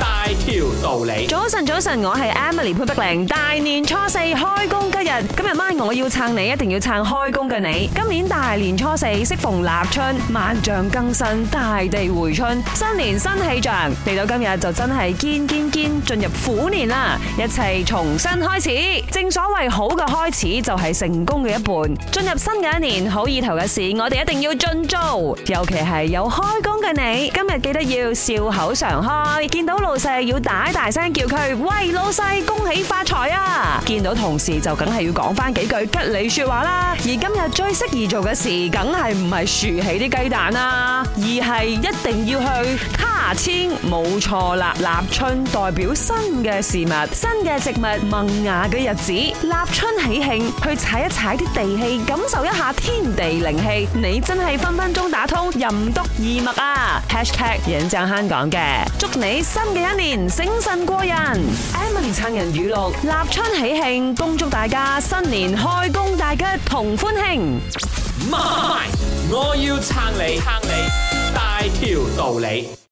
大條道理，早晨早晨，我係 Emily 潘碧玲。大年初四開工吉日，今日晚我要撐你，一定要撐開工嘅你。今年大年初四，適逢立春，萬象更新，大地回春，新年新氣象。嚟到今日就真係堅堅堅進入虎年啦，一切重新開始。正所謂好嘅開始就係成功嘅一半。進入新嘅一年，好意頭嘅事我哋一定要盡做。尤其係有開工嘅你，今日記得要笑口常開，見到，要大大聲叫佢，喂，老細恭喜發財啊！見到同事就梗係要講翻幾句吉利說話啦。而今日最適宜做嘅事，梗係唔係豎起啲雞蛋啊，而係一定要去立春。冇錯啦！立春代表新嘅事物、新嘅植物、萌芽嘅日子。立春喜慶，去踩一踩啲地氣，感受一下天地靈氣，你真係分分鐘打通任督二脈啊！Hashtag 引張香港嘅，祝你新嘅一年！醒神過人，Emily 撐人語錄，立春喜慶，恭祝大家新年開工大吉，同歡慶。媽咪，我要撐你，撐你，大條道理。